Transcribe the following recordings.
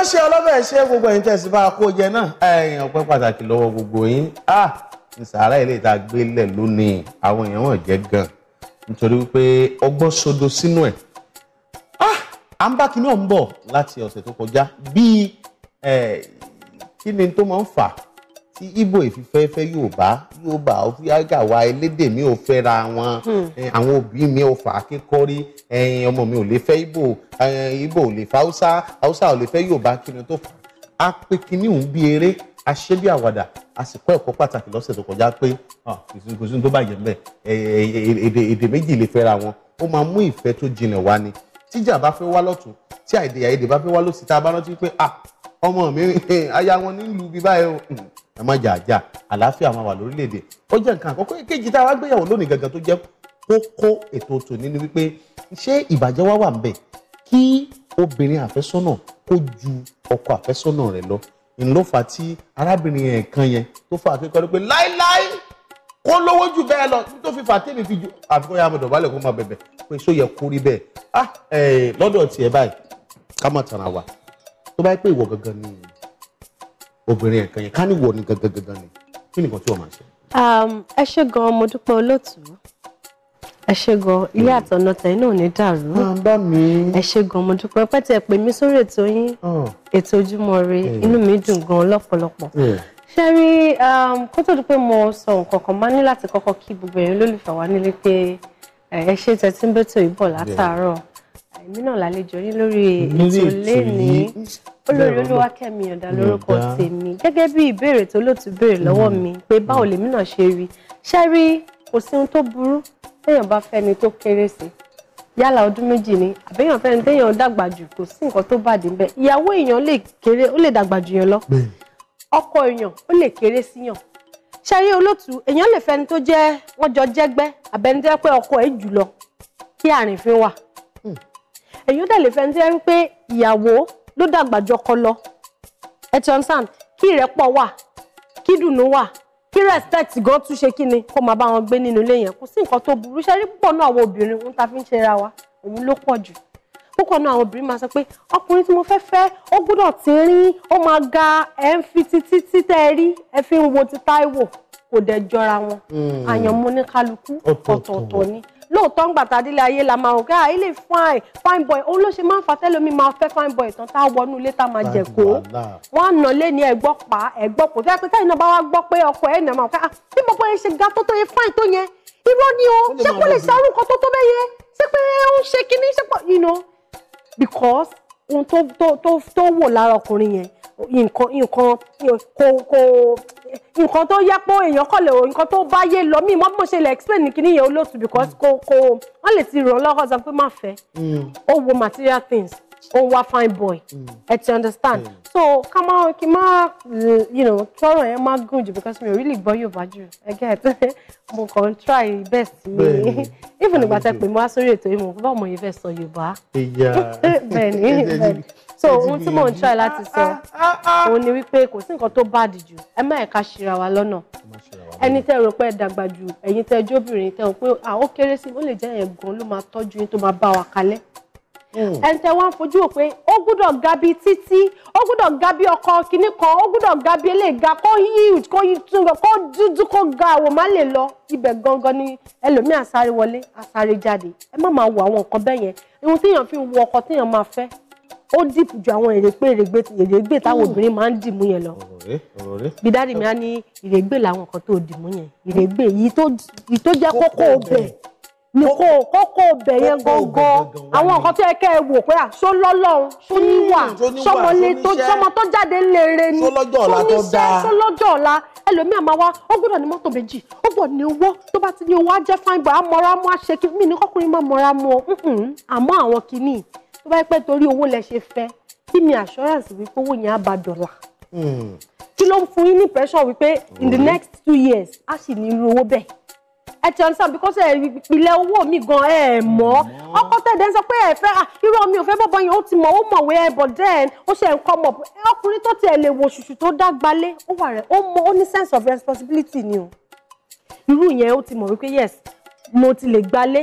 ránṣẹ ọlọbẹ ṣe gbogbo ẹ̀yin tẹsí bá a kó jẹ náà ẹ̀yin ọpẹ́ pàtàkì lọ́wọ́ gbogbo yín a ah, nsàárà ilé ìta gbélé lónìí àwọn èèyàn wọn jẹ gan nítorí wípé ọgbọ́n sodo sínú ẹ̀ ah, à ń bá kinní ọ̀ ń bọ̀ láti ọ̀sẹ̀ tó kọjá bíi kí ni tó máa ń fà á tí Ìgbò ìfifẹ́ fẹ́ Yorùbá Yorùbá ọ̀fíàgàwá elédè mi ò fẹ́ra wọn hmm. àwọn òbí mi ò fà á kékọ́rí ọmọ mi ò lè fẹ́ Ìgbò Ìgbò ò lè fẹ́ Haúsá Haúsá ò lè fẹ́ Yorùbá kí ni tó fà á pé kíní òun bí eré aṣẹ́bí àwàdà àsìkò ẹ̀kọ́ pàtàkì lọ́sẹ̀ tó kọjá pé ah, kò sí tó bàjẹ́ mbẹ́ èdè méjì lè fẹ́ra wọn ó máa mú ìfẹ́ tó jinlẹ̀ wá ni tíjà bá fẹ́ wá lọ́tún tí àìdè àìdè bá fẹ́ wá lọ́sí tá a bá rántí pé ah ọmọ mi aya wọn nílùú bí báyìí o hmm, ẹ má jà jà àlàáfíà máa wà lórílẹ̀‐èdè ó jẹ́ nǹkan àkọ́kọ́ kejì tá a wá gbéyàwó lónìí gangan tó jẹ́ kókó ètò tòní ni wípé ṣé ìbàjẹ́ wá wà ń bẹ̀ kí obìnrin àfẹ́sọ́nà kó ju ọkọ àfẹ́sọ́nà rẹ̀ lọ ńlọ́fà tí arábìnrin ẹ̀ kan yẹn tó fa akẹ́kọ̀ọ́ pé láíláí kó lówó jù bẹ́ẹ̀ lọ tó fi fàtẹ́mi fi ju àfikún ya amọ̀dọ̀ balẹ̀ kó máa bẹ̀bẹ̀ pé só yẹ kórí bẹ́ẹ̀ ah eh, lọ́dọ̀ tiẹ̀ báyìí ká má tara wa tó bá yẹ pé ìwọ gangan ni obìnrin ẹ̀kan yẹn ká ní ìwọ ni gangan gangan ni kí nìkan tí wọ́n máa ṣe. Um, ẹ ṣé gan-an mo dúpẹ́ olóòtú ẹ ṣé gan ilé àtọ̀nà tẹ̀yìn náà ní dàrú ẹ ṣé gan mo dúpẹ́ pẹ́ tí ẹ pè mí sórí ètò yín ah. ètò ojúmọ́ ire eh. inú mi dùn gan lọ́pọ̀lọpọ̀ eh. ṣe rí um, kó tó di pé mo sọ nǹkan kan máa ní láti kọ́kọ́ kí gbogbo ẹ̀yin olólùfẹ́ wa nílé pé eh, ẹ ṣe tẹ̀sí ìbọ̀ látàárọ̀ èmi náà lálejò yín lórí ètò lẹ́ni olórí olúwakẹ́mi ọ̀dà lórúkọ tèmi gẹ́gẹ́ bí ìbéèrè tó ló ti béèrè lọ́wọ́ hmm. mi pé báwo hmm. lèmi náà ṣe rí ṣé rí kò sí ohun tó burú téèyàn bá fẹ́ni tó kéré sí yálà ọdún méjì ni àbẹ́yàn fẹ́ni téèyàn dàgbà jù kò sí nǹkan tó bàdé ńbẹ̀ ìyàwó èèyàn lè kéré ó lè dàgbà jù yàn lọ ọkọ èèyàn ó lè kéré síyàn ṣe rí olótù èèyàn lè fẹ́ni tó jẹ́ wọ́n jọ jẹ́gbẹ́ àbẹ́ni tó jẹ́ pé ọkọ ẹ̀ jù lọ kí àrìnfín wà èyí ó dẹ̀ lè fẹ́ ní sẹ́yìn pé ìyàwó ló dàgbà jọkọ lọ ẹ ti understand kí ìrẹ́pọ̀ wà kí ìdùnnú wà kí respect gan tún ṣe kí ni kó máa bá wọn gbé nínú ilé yẹn kò sí nǹkan tó burú ṣe rí púpọ̀ náà àwọn obìnrin ń ta fi ń ṣera wa òun ló pọ̀ jù púpọ̀ náà àwọn obìnrin máa sọ pé ọkùnrin tí mo fẹ́ fẹ́ ó gbọ́dọ̀ tínrín ó máa ga ẹ̀ ń fi títí títẹ́ rí ẹ fi ń wo ti Táíwò kò dẹ̀ jọra wọn hmm. àyànmọ́ ní ọ̀tọ̀ọ̀tọ̀ ni lóòótọ́ ń gbàtà délé ayé la máa wò ká ilé fine fine boy òun ló ṣe máa ń fa tẹ́lómi máa fẹ́ fine boy tán tá a wọnú ilé tá a máa jẹ̀ kó wọ́n á nà lé ní ẹ̀gbọ́ pa ẹ̀gbọ́ kò tẹ́ pé táyì náà bá wá gbọ́ pé ọkọ ẹ̀ nà máa wò ká bí gbogbo yẹn ṣe ga tó tó yẹ fine tó yẹn irọ́ ni o ṣé kó lè ṣe orúkọ tó tó bẹ́ẹ̀ yẹ ṣé pé ó ń ṣe kinní ṣé pọ̀ you know because ohun tó wò lára ọkùnrin yẹn nǹkan nǹkan kò kò nǹkan tó yẹ pé èèyàn kọ̀ lè nǹkan tó bá yé lọ mí mọ́ bí ṣe lè explain ní kíní yẹn olóòtú because kò kò wọ́n lè ti ràn lọ́kọ̀ sọ pé má fẹ́ hmm. ó wo material things ó wá fine boy mm. ẹ ti understand mm. so ká má kí má you know tọrọ yẹn má gùn jù because mi ò really gbọ́ Yorùbá jù I get mo kàn try best mi even ìgbà tẹ pé mo wá sórí ètò yìí mo bá mo yẹ fẹ́ sọ Yorùbá bẹ́ẹ̀ ni so ohun tí mò ń try láti sọ ah, ah, ah, òun ni wípé kò sí nǹkan tó bad jù ẹ má ẹ̀ka ṣìra wa lọ́nà ẹni tẹ́ rò pé ẹ dàgbà jù ẹ̀yin tẹ́ jóbìnrin tẹ́ rò pé ó kéré sí i ó lè jẹ́ ẹ̀gbọ́n ló máa tọ́jú yín tó máa bá wa kalẹ̀ Mm. ẹni tẹ wá ń fojú ò pé ó gbúdọ̀ ga bí títí ó gbúdọ̀ ga bí ọkọ kìíní kan ó gbúdọ̀ ga bí eléga kó huge kó túnbọ̀ kó dúdú kó ga àwò má lè lọ ibẹ̀ gangan ni ẹlòmíì àsáré wọlé àsáré jáde ẹ má máa wo àwọn nǹkan bẹ́ẹ̀ yẹn ohun téèyàn fi ń wo ọkọ téèyàn máa fẹ́ ó dìpù ju àwọn èrègbè èrègbè èrègbè táwọn obìnrin máa ń dìmú yẹn lọ bídárì mi á ní ìrègbè làwọn kan tó dìmú yẹn ìrègbè yìí tó jẹ́ kókó ọbẹ̀ nìkó kókó bẹ̀ yẹn gangan àwọn nǹkan tó yẹ kẹ́ ẹ wò pé àṣọ lọ́lọ́run ṣó níwà hmm, sọmọ tó jáde lére ni sọníṣẹ́ sọlọ́jọ́ ọ̀la ẹlòmíà máa wá ó gbọ́dọ̀ ní mọ́tò méjì ó gbọ́dọ̀ ní owó tó bá ti ní owó á jẹ́ fáin bọ̀ á mọ́ra mọ́ àṣẹ kí mí ní kọ́kùnrin máa mọ́ra mọ́ àmọ́ àwọn kìíní tó bá yẹ pé torí owó lẹ ṣe fẹ́ kí ni assurance wípé owó yẹn á ba dọ́là hmm. kí ló ń fún yín ní pressure wípé in the hmm. next two years á sì ní irú owó bẹ́ẹ̀ ẹ ti understand because ẹ eh, ìpìlẹ̀ owó mi gan ẹ eh, mọ̀ ọkọ tẹ̀dẹ̀ ń sọ pé ẹ eh, fẹ́ ah, irọ́ mi ò fẹ́ bọ́bọ́ yẹn ó ti mọ̀ ó mọ̀wé ẹ but then ó ṣe nǹkan mọ̀ ọkùnrin tó tiẹ̀ lè wo ṣùṣù tó dágbalé ó wà rẹ̀ ó mọ ó ní sense of responsibility ni o irú yẹn ó ti mọ̀ wípé yes mo ti lè gbalé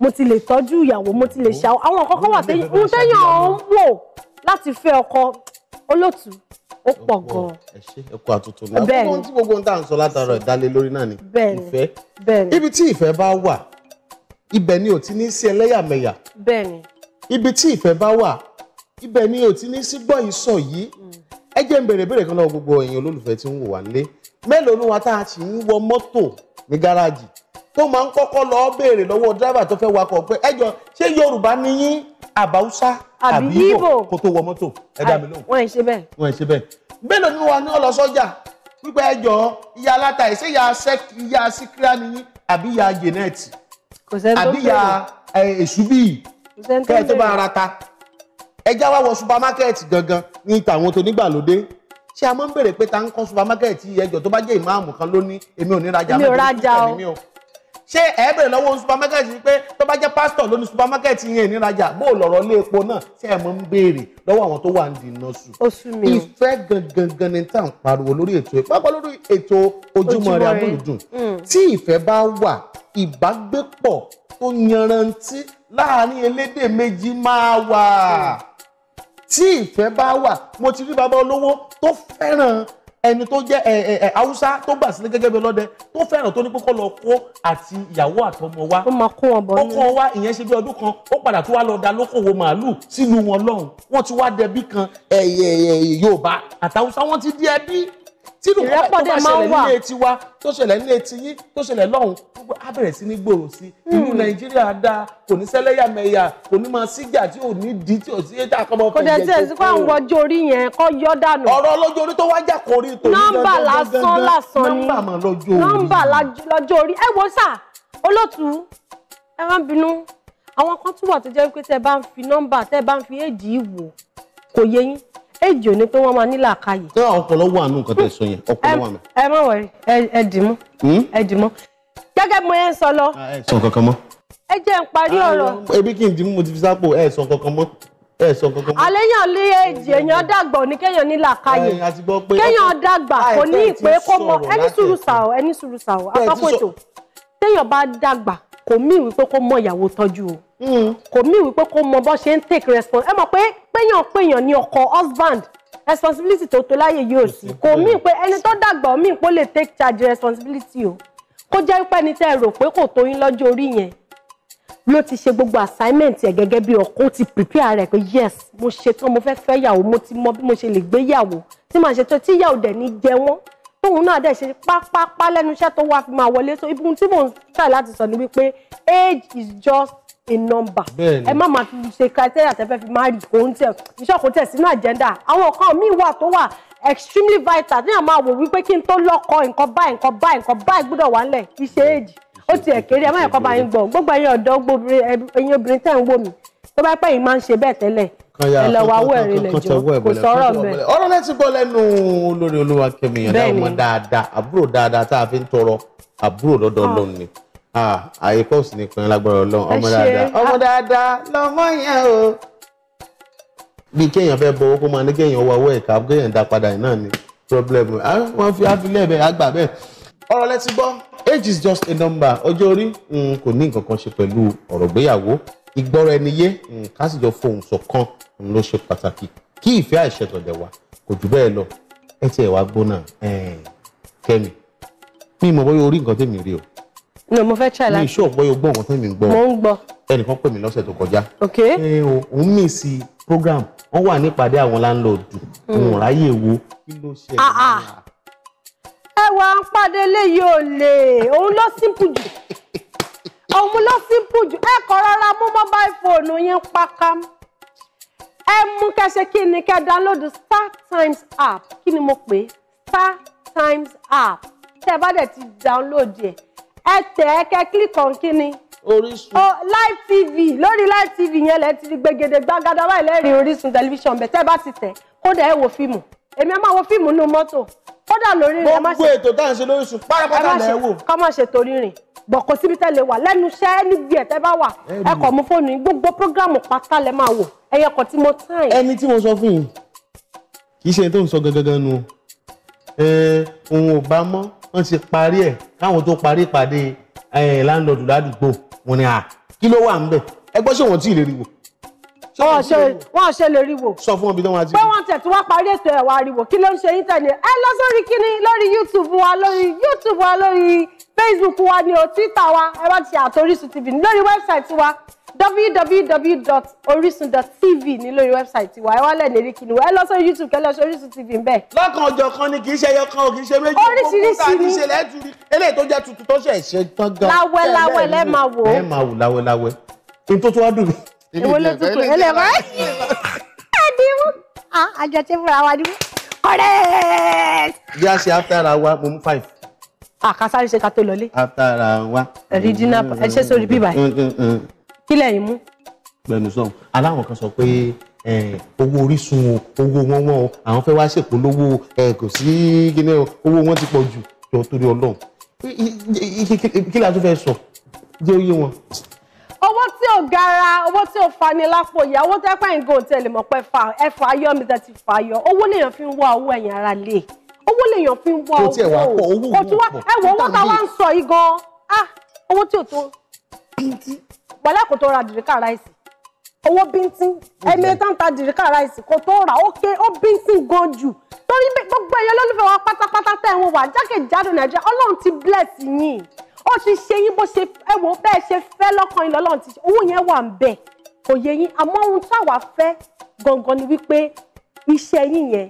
mo ti lè tọ́jú ìyàwó mo ti lè oh. ṣàwọn àwọn kọ́kọ́ wà téyàn ń wò láti fẹ́ ọkọ olótùú ó pọ̀ gan-an. ẹ ṣe ẹ kó àtúntò náà bẹ́ẹ̀ ni ohun tí gbogbo ń dà ń sọ látara ìdálé lórí náà ni ìfẹ́ bẹ́ẹ̀ ni ibi tí ìfẹ́ bá wà ibẹ̀ ni ò ti ní sí ẹlẹ́yàmẹ̀yà bẹ́ẹ̀ ni ibi tí ìfẹ́ bá wà ibẹ̀ ni ò ti ní sí gbọ́ yìí yìí mm. ẹ jẹ́ ń bèrè béèrè kan lọ́wọ́ gbogbo ẹ̀yin olólùfẹ́ tí ń wò wá nílé mélòó ni wa tá a ti ń wọ mọ́tò ní gáràjì tó máa ń kọ́kọ́ lọ́ọ́ béèrè lọ́wọ́ dráìvà tó fẹ́ wakọ̀ pé ẹ jọ ṣé Yorùbá ni yín àbáwúsá àbí Ìgbò kó tó wọ mọ́tò ẹ dá mi lóhùn. wọ́n ẹ̀ ṣe bẹ́ẹ̀. wọ́n ẹ̀ ṣe bẹ́ẹ̀. bẹ́ẹ̀ ló ní wa ní ọlọ́sọ́jà pípẹ́ ẹjọ́ ìyá aláta ẹ̀ ṣé ìyá síkírá nìyí àbí ìyá jẹ̀nẹ́ẹ̀tì àbí ìyá èṣùbí kẹ́ ẹ tó bá ara ta ẹjá wá wọ supamákẹ́ẹ̀tì gangan ní tàwọn tó nígbàlódé ṣé a máa ń béèrè pé ta ń kọ́ supamákẹ́ẹ̀tì ẹjọ́ tó bá jẹ́ ìmáàmù kan lóní èmi ò ní rajà mẹ́rin ṣé ẹ bẹ̀rẹ̀ lọ́wọ́ supermarket yìí pé tó bá jẹ́ pásítọ̀ ló ní supermarket yẹn nírajà bó lọ̀rọ̀ lé epo náà ṣé ẹ mọ̀ ń béèrè lọ́wọ́ àwọn tó wà ń dìnnà sùn. ìfẹ́ gangan ni tá à ń pariwo lórí ètò ìpápá lórí ètò ojúmọ́ rẹ̀ amúlùdùn hmm. tí ìfẹ́ bá wà ìbágbépọ̀ tó yanrantí láàárín elédè méjì máa wà hmm. tí ìfẹ́ bá wà mo ti rí bàbá olówó tó fẹ́ràn ẹni tó jẹ́ ẹ ẹ haúsá tó gbà sílé gẹ́gẹ́ bí ọlọ́dẹ tó fẹ́ràn tó ní pé kó lọ kó àti ìyàwó àtọmọ wá ó máa kó wọn bọ̀ ní ó kó wọn wá ìyẹn ṣe bí ọdún kan ó padà tó wá lọ da lókòwò màálù sílùú wọn lọ́hùn wọ́n ti wá dẹbí kan ẹ̀yẹ̀ yorùbá àtàwùsá wọ́n ti di ẹbí tí ìlú kọ́kọ́ tó bá ṣẹlẹ̀ nílé etí tó ṣẹlẹ̀ nílé etí tó ṣẹlẹ̀ lọ́hùn gbogbo á bẹ̀rẹ̀ sí ní gbòòrò sí ìlú hmm. nàìjíríà dáa kò ní sẹ́lẹ̀yàmẹ̀yà kò ní máa síjà tí ò ní di tí ò sí ètò àkọ́mọ fún ìjẹ́jọ́ kò dẹ̀ sí fáwọn ọjọ́ orí yẹn kọ́ yọ dànù. ọ̀rọ̀ lọ́jọ́ orí tó wá jà kò rí tòun nọ́mbà lásán lásán ni nọ́mbà èjì ò ní pé wọ́n máa nílà káyè. ṣé àwọn ọpọlọ wà nù nǹkan tẹ́ sọ yẹn hmm. ọpọlọ wà nù. ẹ má wọrí ẹ dì mú ẹ dì hmm? mú gẹ́gẹ́ mo yẹn ń sọ lọ. ẹ sọ kankan mọ́. ẹ jẹ́ n parí ọ̀rọ̀. ebi kí n dì mú mo ti fi sápò ẹ sọ kankan mọ́ ẹ sọ kankan mọ́. àléyàn lé èjì èèyàn dàgbà òní kéèyàn nílà káyè kéèyàn dàgbà kò ní ìpè kó mọ ẹni sùúrù sàó ẹni sùúrù sàó apákòtò téèyàn bá dàgbà kò mí o hmm. kò mí wípé kó mọ bó ṣe ń péyàn péyàn ní ọkọ husband responsibility tó tó láyè yóò sí kò mí pé ẹni tó dàgbà mí pé ó lè take charge responsibility o kó jẹ́ pé ẹni tẹ́ ẹ rò pé kò tó yín lọ́jọ́ orí yẹn ló ti ṣe gbogbo assignment ẹ̀ gẹ́gẹ́ bí ọkọ ti prepare rẹ̀ pé yes mo ṣe tán mo fẹ́ fẹ́ yàwó mo ti mọ bí mo ṣe lè gbé yàwó tí màá ṣe tán tí yàwó dẹ̀ ní jẹ wọ́n tóun náà dẹ̀ ṣe pápápá lẹ́nu iṣẹ́ tó wá fi máa wọlé so ibi tí mò ń tà láti sọ ni wípé age is just a number ẹ má máa ṣe criteria tẹ́fẹ́ fi máa rí òun tẹ̀ iṣẹ́ kò tẹ̀ sínú agenda àwọn kan míì wà tó wà extremely vital ní àmọ́ àwò wípé kí n tó lọ́kọ nǹkan báyìí nǹkan báyìí nǹkan báyìí gbọ́dọ̀ wà nílẹ̀ iṣẹ́ èjì ó ti ẹ̀ kéré ẹ má yẹ kọ́ bá yín gbọ̀ gbogbo ẹ̀yin ọ̀dọ́ ẹ̀yin obìnrin tẹ̀ ń wò mí tó bá pẹ́ yìí máa ń ṣe bẹ́ẹ̀ tẹ́lẹ̀ ẹ lọ wá wọ ẹ̀rín lẹ́jọ́ kò sọ̀rọ̀ mẹ́. ọ̀rọ̀ lẹ́tí gbọ́ lẹ́nu olórí Olúwakẹ́mi yẹn náà mọ̀ dáadáa àbúrò dáadáa tá a fi ń tọrọ àbúrò lọ́dọ̀ ah. Ọlọ́run ni ààyè pọ́ọ̀sì ní ìpínlẹ̀ lágbára ọlọ́run ọmọ dáadáa ọmọ ah. dáadáa lọ́mọ yẹn o. bí kéèyàn fẹ́ bọ owó kó máa ní kéèyàn wọ owó ẹ̀ka kéèyàn dá padà yìí náà ni problem wọ́n fi àfilẹ̀ bẹ́ẹ̀ àgbà bẹ́ẹ̀. ọ̀rọ̀ lẹ ti gbọ́ age is just a number ọjọ́ orí kò ní nǹkan kan ṣe pẹ̀lú ọ̀rọ̀ ìgbéyàwó ìgbọ́ra ẹni yé ká sì jọ fohùn ṣọ̀kan ló ṣe pàtàkì kí ìfẹ́ àìṣẹ̀tọ̀dẹ̀ wa kò jù bẹ́ẹ̀ lọ ẹ tiẹ̀ wá gbóná kẹ́mi mi mọ̀ bóyá orí nǹkan tèmi rí o no mo fẹ́ try láti. mi ìṣó ọ̀pọ̀ yóò gbọ́ nǹkan tó mi ń gbọ́. mo ń gbọ́. ẹnìkan pè mí lọ́sẹ̀ tó kọjá. ok ṣé òun mì sí program wọ́n wà nípàdé àwọn láńlọ́ọ̀dù hmm. òun ráyè wo kí ló ṣe ẹ̀ ah, ah. ẹ wà ń pàdé léyìí ò lè òun ló simple jù òun ló simple jù ẹ kọ rárá mú mobile phone yín pákám ẹ mú kẹsẹ kí ni kẹ download star times app kí ni mo pè star times app tẹ bá dẹ ti download yẹ ẹ tẹ̀ ẹ́ kẹ́ click on kíni. Orísun. o live tv lórí live tv yẹn lẹ ti di gbẹ̀gẹ̀dẹ̀ gbàgàdà báyìí lẹ́rìí Orísun tẹlifíṣàn bẹ̀ tẹ́ bá ti tẹ̀ kódà ẹ wo fíìmù èmi ẹ máa wo fíìmù nínú mọ́tò kódà lórí rẹ̀ má ṣe. gbogbo ètò tá à ń ṣe lórí sùn pátápátá lẹ wò. ká má ṣe torí rìn gbọ̀kọ̀ síbi tẹ́ lè wà lẹ́nu iṣẹ́ níbi ẹ̀ tẹ́ bá wà ẹ kọ̀ mú fóònù yìí gbogbo prógrámù pátá lẹ máa wò ẹyẹ kan tí mo tán. ẹni tí mo sọ fún yìí kì í ṣe tó ń sọ gangan nu ohun ò bá mọ́ wọ́n ti parí ẹ̀ káwọn tó parí ìpàdé láńlọ́ọ̀dù ládùúgbò wọn ni à kí ló wà ń bẹ̀ ẹ ṣé wọ́n tí lè rí wò. wọ́n ṣe lè rí wò. sọ fún wọn bí wọ́n ti. pé wọ́n tẹ̀tí wá parí ètò ẹ̀wà ariwo kí ló ń ṣe íńtánẹ̀tì ẹ lọ sórí kíní lórí youtube wa lórí youtube wa lórí facebook wa ni o twitter wa ẹ wá ti àtòrísù tv lórí wẹ́bsáìtì wa www.orisun.tv ní lórí wẹ́bsáìtì wa ẹ wálẹ̀ lérí kí ni wọ́n ẹ lọ sórí youtube kẹ́ lọ sórí Orisun TV ń bẹ̀. lọ́kàn ọjọ́ kan ni kì í ṣe ẹyọ kan ò kì í ṣe méjì oríṣiríṣi ni eléyìí tó jẹ́ tuntun tó ṣe ṣe tán gan. láwẹ́ láwẹ́ lẹ́ máa wò ó. ẹ máa wò láwẹ́ láwẹ́ kí n tó tó wá dùn mí. ìwọ ló tún kù ẹlẹ́ máa ń àdìmú àjọ tí fúnra wa dìmú correct. bí a ṣe after ara wa mo mú five àkásáré ṣe ká tó lọlé. after ara wa. original ẹ ṣe sórí bíbá yìí. Mm, mm, mm kí lẹ́yìn mú. gbẹnu sọ aláwọn kan sọ pé owó orísun o owó wọn wọn o àwọn fẹ́ wá ṣèpolówó kò sí kíní o owó wọn ti pọ̀ jù jọ torí Ọlọ́run kí la tún fẹ́ sọ jẹ́ oyé wọn. owó tí ò gara owó tí ò fani lápò ìyá owó tẹ́ pẹ́ ń gò tẹ̀lé mọ́ pẹ́ fa ẹ fà yọ mi tẹ́ ti fà yọ owó lèèyàn fi ń wá owó ẹ̀yìn ara lè owó lèèyàn fi ń wá owó kò tí ẹ wà pọ̀ owó owó pọ̀ ẹ wọ owó tá a ń sọ yìí gan-an ah, owó tí ò tó wọlé kò tó ra dìríkà ráìsì owó bíntín ẹ̀mí tán ta dìríkà ráìsì kò tó rà ó ké ó bíntín gan jù torí gbogbo ẹ̀yọ́ lólùfẹ́ wa pátápátá tẹ̀ ń wà jákèjádò nàìjíríà ọlọ́run ti bless yín ó ti ṣe yín bó ṣe ẹ̀wò bẹ́ẹ̀ ṣe fẹ́ lọ́kàn yín lọ́lọ́run ti ṣe owó yẹn wà ń bẹ̀ kò yẹ yín àmọ́ ohun táwa fẹ́ gangan ni wípé iṣẹ́ yín yẹn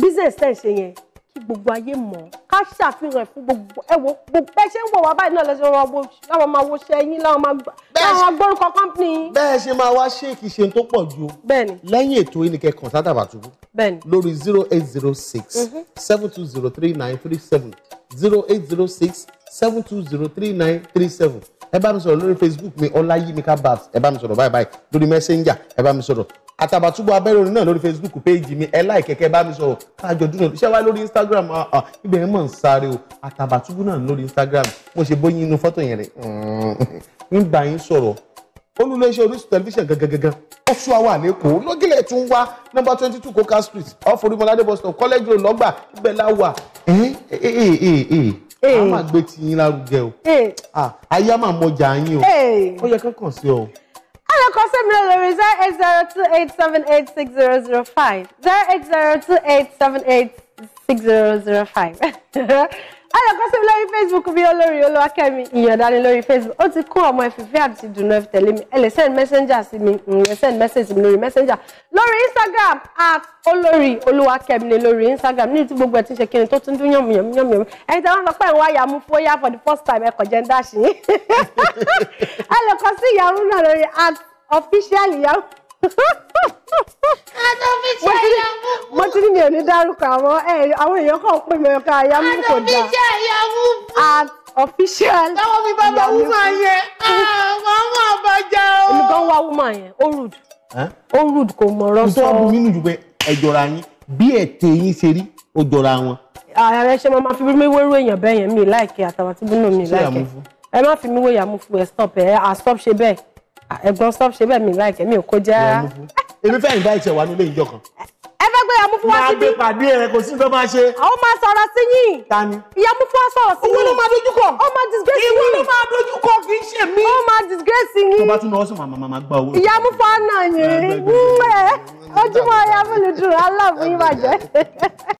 business tẹ̀ ń ṣe yẹn kí gbogbo ayé mọ̀ ká ṣàfihàn ẹ̀ fún gbogbo ẹ wo gbogbo ẹ ṣe ń wọ̀ wá báyìí náà lẹ́sẹ̀ ọ̀rọ̀ ọ̀bọ láwọn máa wo láwọn máa gbà láwọn gbórúkọ kọ́ńpìnì. bẹ́ẹ̀ ṣe máa wá ṣéèkì ṣe tó pọ̀ ju lẹ́yìn ètò ìnìkẹ́ kan sátàbà túbú lórí zero eight zero six mhm. seven two zero three nine three seven zero eight zero six seven two zero three nine three seven ẹ bá mi sọ̀rọ̀ lórí Facebook mi Ọláyímiká Babs ẹ bá mi sọ̀rọ̀ báyìí báyìí lórí Messenger ẹ bá mi sọ̀rọ̀ àtàbàtúbú abẹ́rẹ́ náà lórí facebook page mi ẹ láì kẹ̀kẹ́ bá mi sọ̀rọ̀ kájọ dúnà ṣé wá lórí instagram ah, ah, ibẹ̀ ẹ̀ mọ̀ ń sáré o àtàbàtúbú náà lórí instagram mo ṣe bóyin inú fọ́tò yẹn rẹ̀ mm. ń bá yín sọ̀rọ̀ olùléṣẹ́ orísun tẹlifíṣàn gangan ó sún àwọn àlékò lọ́gìlẹ̀ tún wá nọ́mbà twenty two coca street off Orímọládé bus stop kọ́lẹ́jì olọ́gbà ibẹ̀ la wà a máa gbé tiyín lárugẹ o àyà ah, máa mọjà yín o ó yẹ kankan sí ọ. Hello, Costa Miller is 08028786005. 08028786005. ọlọ́kan sí mi lórí facebook bí olórí olúwakẹ́mi ìyàndá ni lórí facebook ó ti kún ọmọ ìfìfẹ́ àti ìdùnnú ẹ fi tẹ̀lé mi ẹ lè send messenger sí mi ẹ send message sí mi lórí messenger lórí instagram at olórí olúwakẹ́mi ni lórí instagram ní ti gbogbo ẹ̀ ti ṣe kí ni tó tún dún yànmù yànmù yànmù yànmù ẹni tí wọ́n sọ pé ìwà yàmú fóyà for the first time ẹ̀kọ́ jẹ́ ń dá sí yín ọlọ́kan sí ìyàwó náà lórí at official ìyàwó mo ti ní mi ò ní dárúkọ àwọn àwọn èèyàn kan pè mí ọkọ àyàmú kò dáa official táwọn mi bá bá wúmọ yẹn àwọn ah, ọmọ àbájá o. èmi gan wá wúmọ yẹn ó rùd ó rùd kò mọ̀ ọ̀rọ̀ sọ. ìṣòro mi nìjú pé ẹ jọra yín bí ètè yín ṣe rí ó jọra wọn. ààrẹ ṣe máa fi mímú wérú èèyàn bẹ́ẹ̀ yẹn mi láìkẹ́ àtàwọn tí bínú mi láìkẹ́ ẹ má fi mí wé yàmú fún ẹ stop ẹ stop ṣe bẹ́ẹ̀ ẹ̀gbọ́n stop ṣe bẹ́ẹ̀ mi like mi ò kọjá. èmi fẹ́ invite wa nílé ìjọ kan. ẹ fẹ́ gbé Yamufuwa síbí. máa gbé pàdé ẹ kò sí tó máa ṣe. àwọn máa sọ̀rọ̀ sí yín. tani. Yamufuwa sọ̀rọ̀ sí yín. owó ló máa dojú kọ. ó máa disgrace yín. ìwọ ló máa dojú kọ kì í ṣe mí. ó máa disgrace yín. tó bá tún lọ sùn màmá máa gba owó. Yamufuwa náà yìí. ojúmọ́ ayábọ̀lùdùn aláàbò yín bàjẹ́.